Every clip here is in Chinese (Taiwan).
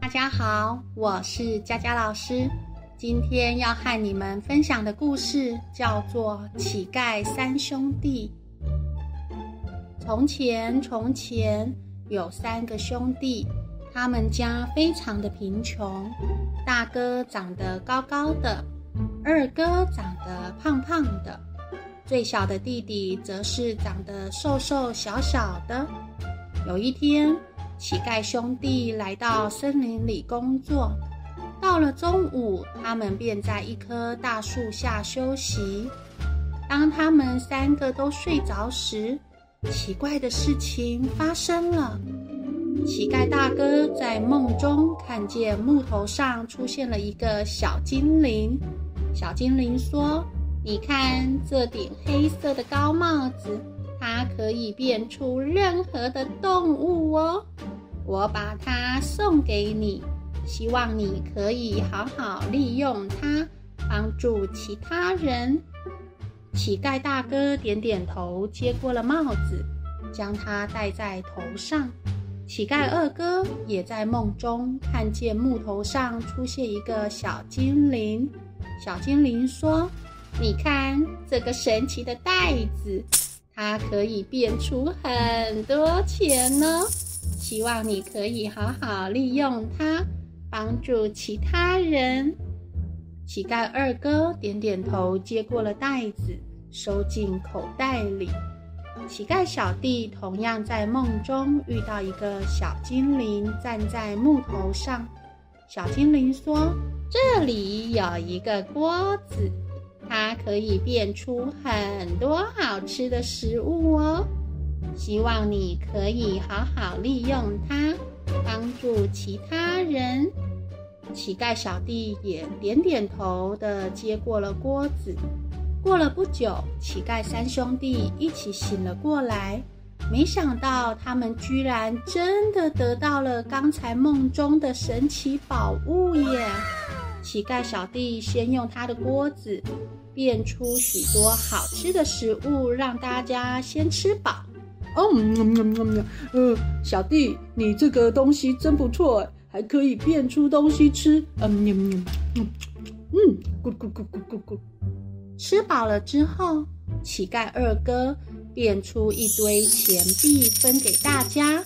大家好，我是佳佳老師。今天要和你們分享的故事叫做《乞丐三兄弟》。從前，從前有三個兄弟，他們家非常的貧窮。大哥長得高高的。二哥長得胖胖的，最小的弟弟則是長得瘦瘦小小的。有一天，乞丐兄弟來到森林裡工作，到了中午，他們便在一棵大樹下休息。當他們三個都睡着時，奇怪的事情發生了。乞丐大哥在夢中看見木頭上出現了一個小精靈。小精靈說：“你看這頂黑色的高帽子，它可以變出任何的動物哦。我把它送給你，希望你可以好好利用它，幫助其他人。”乞丐大哥點點頭，接過了帽子，將它戴在頭上。乞丐二哥也在夢中看見木頭上出現一個小精靈。小精靈說：“你看這個神奇的袋子，它可以變出很多錢呢，哦。希望你可以好好利用它，幫助其他人。”乞丐二哥點點頭，接過了袋子，收進口袋裡。乞丐小弟同樣在夢中遇到一個小精靈，站在木頭上。小精靈說：這裡有一個鍋子，它可以變出很多好吃的食物哦。希望你可以好好利用它，幫助其他人。乞丐小弟也點點頭地接過了鍋子。過了不久，乞丐三兄弟一起醒了過來，沒想到他們居然真的得到了剛才夢中的神奇寶物耶！乞丐小弟先用他的鍋子變出許多好吃的食物，讓大家先吃飽。哦、嗯，呃、嗯嗯嗯，小弟，你這個東西真不錯，還可以變出東西吃。嗯，嗯，嗯，咕咕咕咕咕咕。吃飽了之後，乞丐二哥變出一堆錢幣分給大家。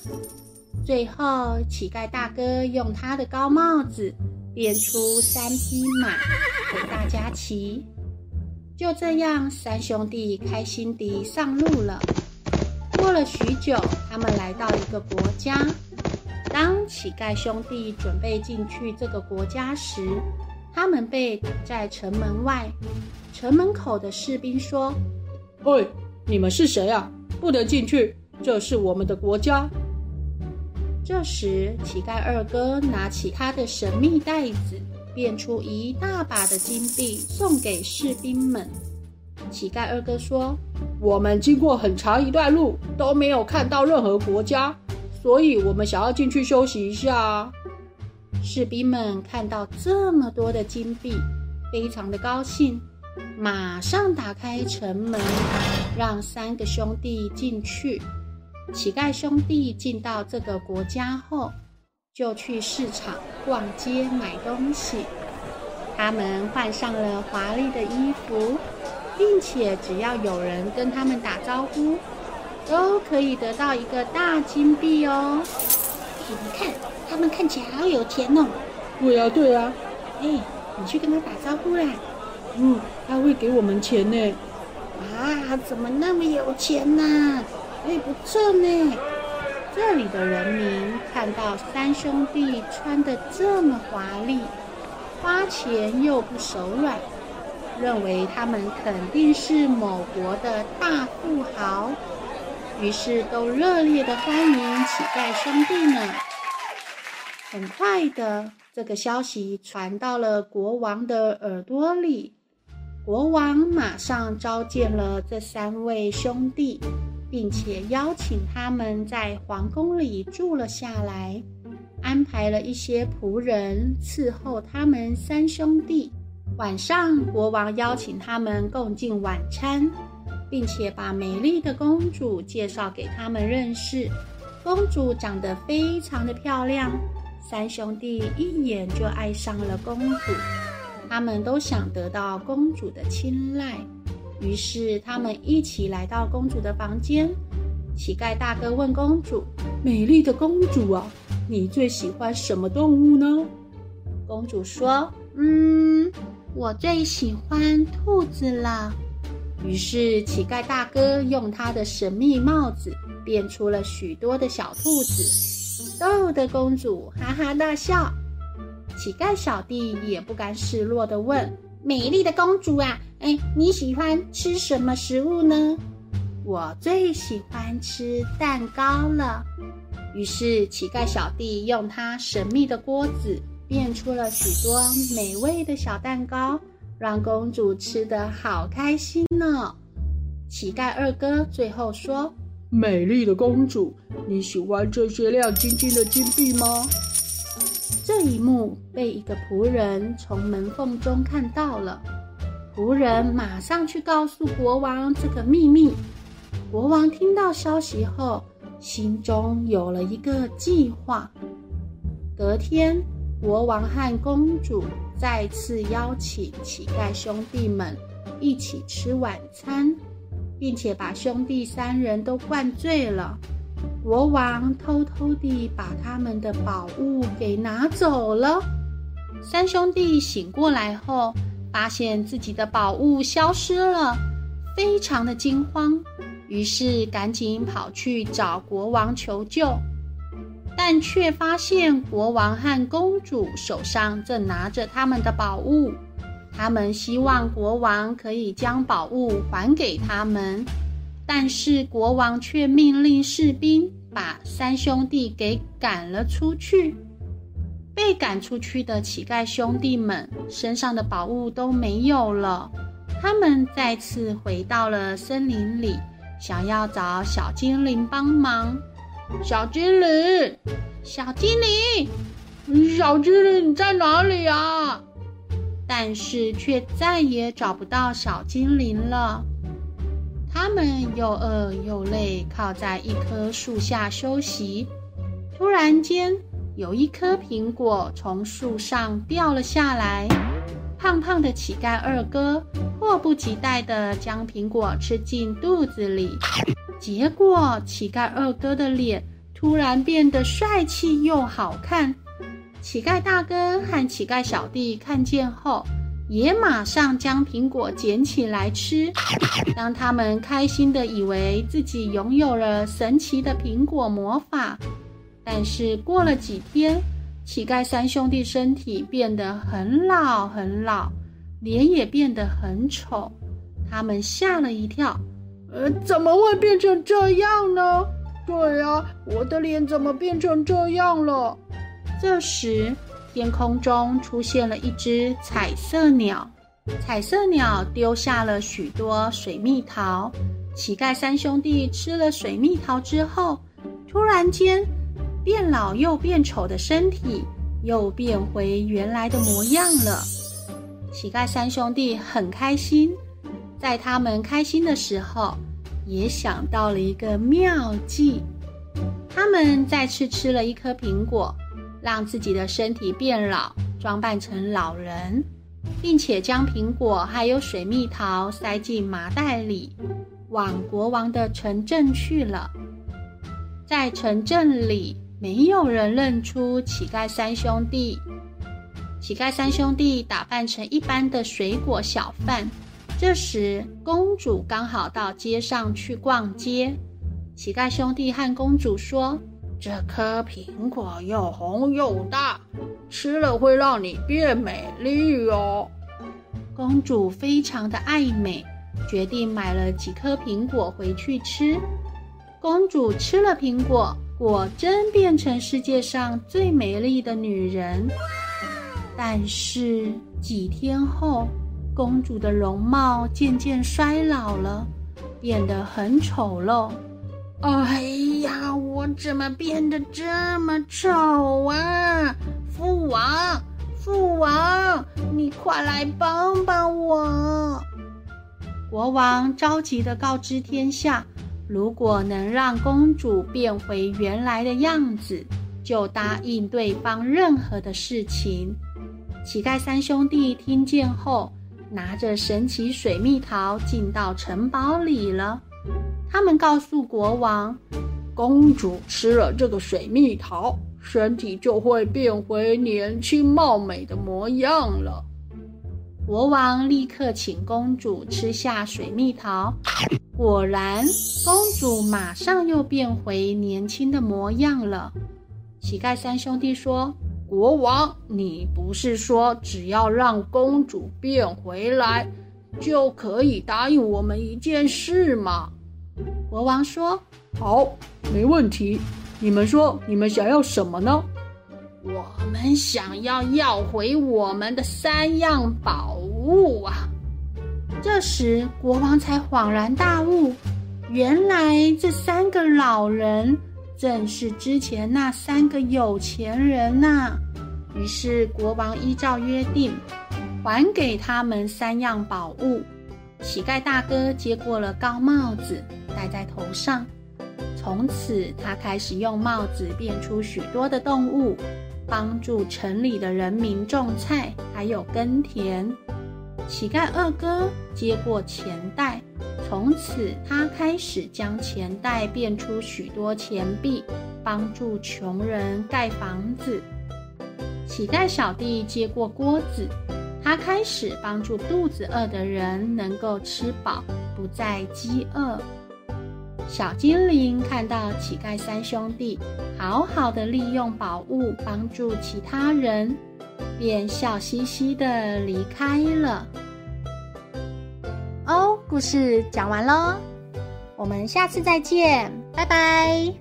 最後，乞丐大哥用他的高帽子。變出三匹馬給大家騎，就這樣，三兄弟開心地上路了。過了許久，他們來到一個國家。當乞丐兄弟準備進去這個國家時，他們被堵在城門外。城門口的士兵說：“喂，你們是誰呀、啊？不能進去，這是我們的國家。”這時，乞丐二哥拿起他的神秘袋子，變出一大把的金幣送給士兵們。乞丐二哥說：“我們經過很長一段路，都沒有看到任何國家，所以我們想要進去休息一下。”士兵們看到這麼多的金幣，非常的高興，馬上打開城門，讓三個兄弟進去。乞丐兄弟進到這個國家後，就去市場逛街買東西。他們換上了華麗的衣服，並且只要有人跟他們打招呼，都可以得到一個大金幣哦。你們看，他們看起來好有錢哦。對呀、啊，對呀、啊。哎，你去跟他打招呼啦。嗯，他會給我們錢呢。哇，怎麼那麼有錢呢、啊？會不錯呢。這裡的人民看到三兄弟穿得這麼華麗，花錢又不手軟，認為他們肯定是某國的大富豪，於是都熱烈地歡迎乞丐兄弟們。很快的，這個消息傳到了國王的耳朵裡，國王馬上召見了這三位兄弟。並且邀請他們在皇宮裡住了下來，安排了一些僕人伺候他們三兄弟。晚上，國王邀請他們共進晚餐，並且把美麗的公主介紹給他們認識。公主長得非常的漂亮，三兄弟一眼就愛上了公主，他們都想得到公主的青睞。於是他們一起來到公主的房間。乞丐大哥問公主：“美麗的公主啊，你最喜歡什麼動物呢？”公主說：“嗯，我最喜歡兔子了。”於是乞丐大哥用他的神秘帽子變出了許多的小兔子，逗得公主哈哈大笑。乞丐小弟也不甘示弱地問。美麗的公主啊，哎，你喜歡吃什麼食物呢？我最喜歡吃蛋糕了。於是乞丐小弟用他神秘的鍋子變出了許多美味的小蛋糕，讓公主吃得好開心呢、哦。乞丐二哥最後說：“美麗的公主，你喜歡這些亮晶晶的金幣嗎？”這一幕被一個僕人從門縫中看到了，僕人馬上去告訴國王這個秘密。國王聽到消息後，心中有了一個計劃。隔天，國王和公主再次邀請乞丐兄弟們一起吃晚餐，並且把兄弟三人都灌醉了。國王偷偷地把他們的寶物給拿走了。三兄弟醒過來後，發現自己的寶物消失了，非常的驚慌，於是趕緊跑去找國王求救，但卻發現國王和公主手上正拿着他們的寶物，他們希望國王可以將寶物還給他們。但是國王卻命令士兵把三兄弟給趕了出去。被趕出去的乞丐兄弟們身上的寶物都沒有了，他們再次回到了森林裡，想要找小精靈幫忙。小精靈，小精靈，小精靈，你在哪裡啊？但是卻再也找不到小精靈了。他們又餓又累，靠在一棵樹下休息。突然間，有一顆蘋果從樹上掉了下來。胖胖的乞丐二哥迫不及待地將蘋果吃進肚子裡，結果乞丐二哥的臉突然變得帥氣又好看。乞丐大哥和乞丐小弟看見後，也馬上將蘋果撿起來吃，讓他們開心地以為自己擁有了神奇的蘋果魔法。但是過了幾天，乞丐三兄弟身體變得很老很老，臉也變得很醜，他們嚇了一跳。呃，怎麼會變成這樣呢？對呀，我的臉怎麼變成這樣了？這時。天空中出現了一隻彩色鳥，彩色鳥丟、丟下了許多水蜜桃。乞丐三兄弟吃了水蜜桃之後，突然間變老又變醜的身體又變回原來的模樣了。乞丐三兄弟很開心，在他們開心的時候，也想到了一個妙計。他們再次吃了一顆蘋果，讓自己的身體變老，裝扮成老人，並且將蘋果還有水蜜桃塞進麻袋裡，往國王的城鎮去了。在城鎮裡，沒有人認出乞丐三兄弟。乞丐三兄弟打扮成一般的水果小販。這時，公主剛好到街上去逛街。乞丐兄弟和公主說：這顆蘋果又紅又大，吃了會讓你變美麗哦。公主非常的愛美，決定買了幾顆蘋果回去吃。公主吃了蘋果，果真變成世界上最美麗的女人。但是幾天後，公主的容貌漸漸衰老了，變得很醜陋。哎呀，我怎麼變得這麼醜啊？父王，父王，你快來幫幫我！國王着急地告知天下，如果能讓公主變回原來的樣子，就答應對方任何的事情。乞丐三兄弟聽見後，拿着神奇水蜜桃進到城堡裡了。他們告訴國王：“公主吃了這個水蜜桃，身體就會變回年輕貌美的模樣了。”國王立刻請公主吃下水蜜桃，果然，公主馬上又變回年輕的模樣了。乞丐三兄弟說：“國王，你不是說只要讓公主變回來，就可以答應我們一件事嗎？”國王說：“好，沒問題。你們說，你們想要什麼呢？”我們想要要回我們的三樣寶物啊！這時，國王才恍然大悟，原來這三個老人正是之前那三個有錢人吶。於是，國王依照約定，還給他們三樣寶物。乞丐大哥接過了高帽子。戴在頭上，從此他開始用帽子變出許多的動物，幫助城裡的人民種菜，還有耕田。乞丐二哥接過錢袋，從此他開始將錢袋變出許多錢幣，幫助窮人蓋房子。乞丐小弟接過鍋子，他開始幫助肚子餓的人能夠吃飽，不再飢餓。小精靈看到乞丐三兄弟好好的利用寶物幫助其他人，便笑嘻嘻的離開了。哦，故事講完咯，我們下次再見，拜拜。